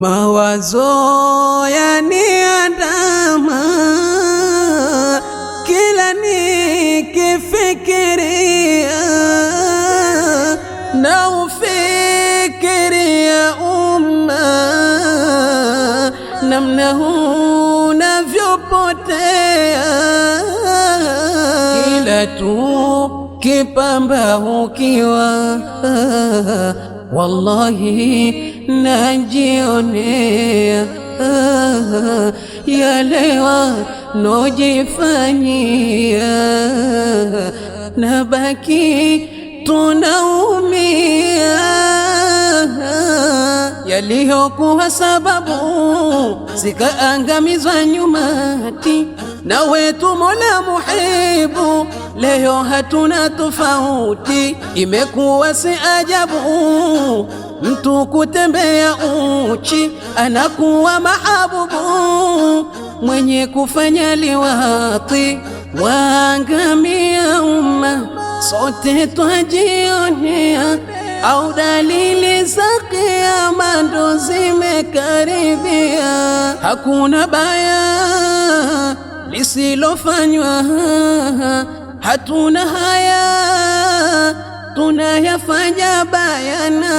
Mawazo yaniandama kila nikifikiria, na ufikiria umma, namna unavyopotea kila tu kipamba ukiwa, wallahi najionea yale walojifanyia, nabaki tunaumia yaliyokuwa sababu zikaangamizwa nyumati na wetu Mola muhibu, leo hatuna tofauti, imekuwa si ajabu Mtu kutembea uchi anakuwa mahabubu, mwenye kufanya liwati waangamia umma. Sote twajionea au dalili za kiama ndo zimekaribia. Hakuna baya lisilofanywa, hatuna haya tunayafanya bayana,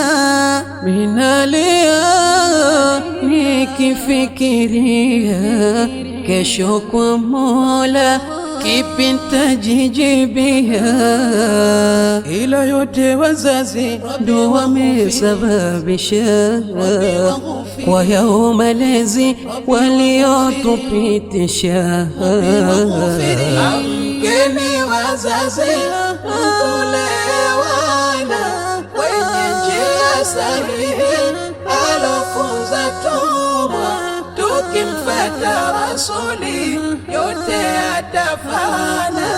minalia nikifikiria kesho kwa Mola kipi nitajijibia, ila yote wazazi ndo wamesababisha kwa yao malezi waliotupitisha. Keni wazazi alihi alofunza tumwa, tukimfata rasuli yote atafana.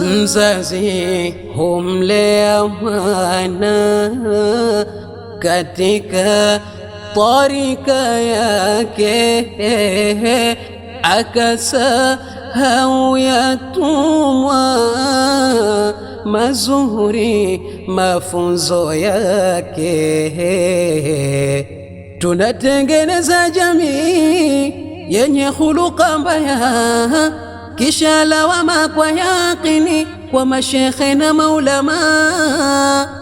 Mzazi humlea mwana katika tarika yake, akasahau yatumwa mazuri mafunzo yake. Tunatengeneza jamii yenye huluka mbaya, kisha lawama kwa yaqini kwa mashekhe na maulama.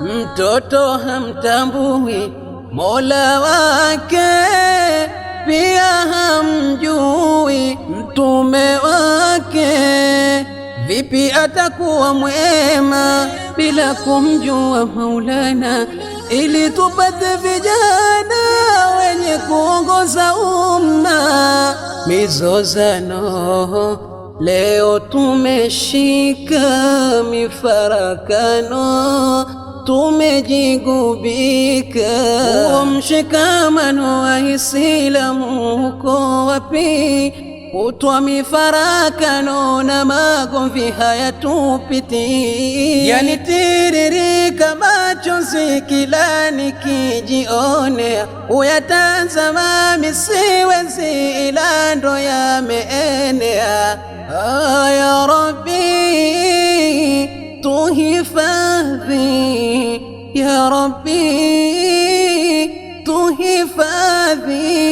Mtoto hamtambui mola wake, pia hamjui mtume Vipi atakuwa mwema bila kumjua Maulana? Ili tupate vijana wenye kuongoza umma. Mizozano leo tumeshika, mifarakano tumejigubika. Huo mshikamano wa Islamu uko wapi? utomifara kanona magovi hayatupiti, yanitiririka machozi kila nikijionea, uyatazama misiwezi ila ndo yameenea. Ah, ya Rabbi tuhifadhi, ya Rabbi tuhifadhi